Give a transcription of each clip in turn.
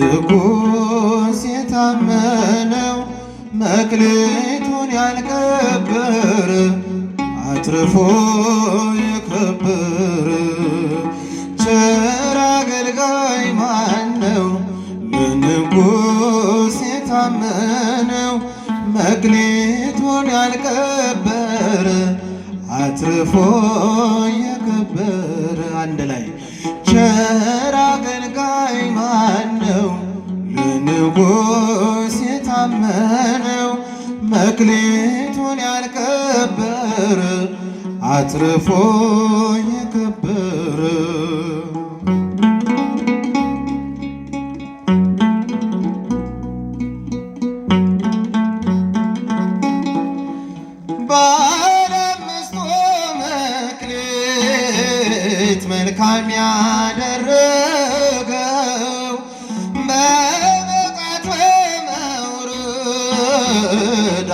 ንጉሥ የታመነው መክሊቱን ያልቀበረ አትርፎ የከበረ ቸር አገልጋይ ማነው? በንጉሥ የታመነው መክሊቱን ያልቀበረ አትርፎ የከበረ አንድ ላይ ነው መክሊቱን ያልከበረ አትርፎ የከበረ ባለምስቶ መክሌት መክሊት መልካም ያደረ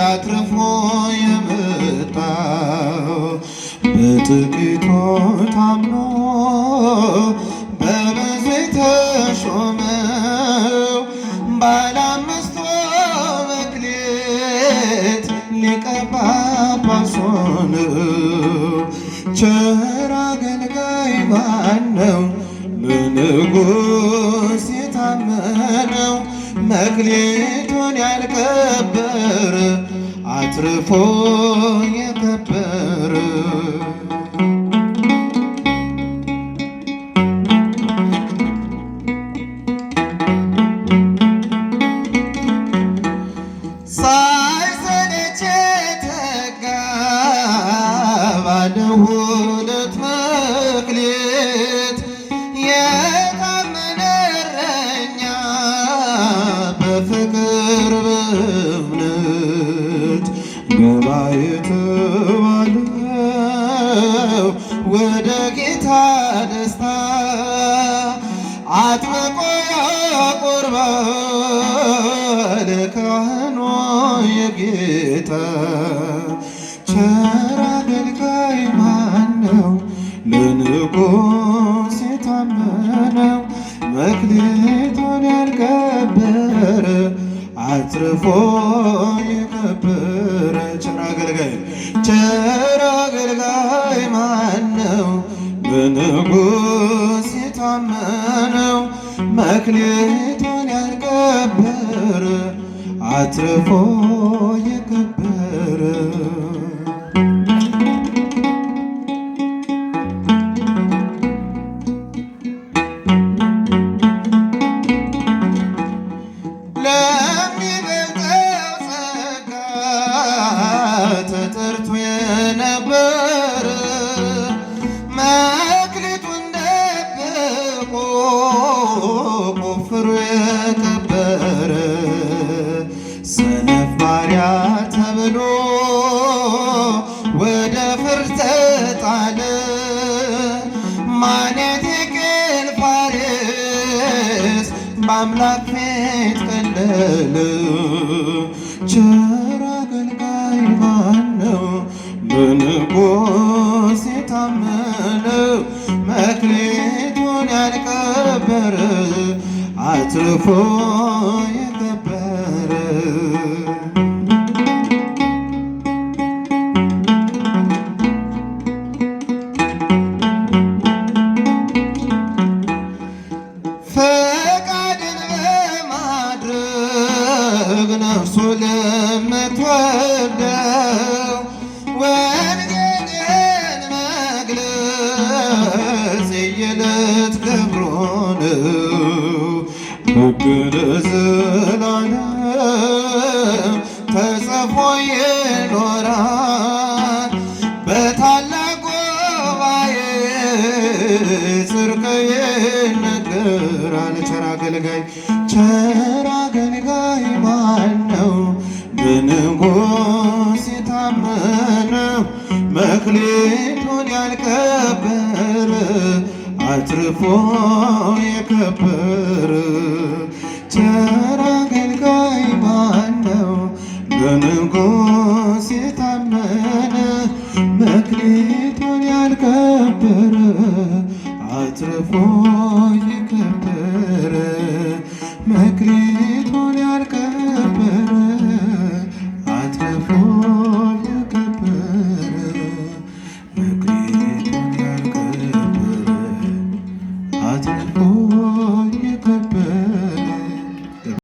አትርፎ የመጣው በጥቂቱ ታምኖ በብዙ የተሾመው ባለ አምስቱ መክሊት ሊቀ ጳጳስ ሆነው ቸር አገልጋይ ማነው? በንጉሥ የታመነው መክሊቱን ያልከበረ አትርፎ የከበረ የተባለው ወደ ጌታ ደስታ አጥብቆ ያቆርባል ካህኑ የጌታ ቸር አገልጋይ ማነው? ለንጉሥ የታመነው መክሊቱን ያልቀበረ አትርፎ የከበረ ቸር አገልጋይ ቸር አገልጋይ ማነው? በንጉሥ የታመነው መክሊቱን ያልቀበረ አትርፎ ብርቱ የነበረ መክሊቱን ደብቆ ቆፍሮ የቀበረ ሰነፍ ባሪያ ተብሎ ወደ ፍርድ ተጣለ። ማኔቴቅን ፋሬስ በአምላክ ፊት ቀለለ for ግን ዘላለም ተጽፎ ይኖራል በታላቁ ጉባኤ ጽድቅ ይነገራል። ቸር አገልጋይ ቸር አገልጋይ ማነው? በንጉሥ የታመነው መክሊቱን ያልቀበረ አትርፎ የከበረ ቸር አገልጋይ ባለው በንጉሥ የታመነ መክሊቱን ያልከበረ አትርፎ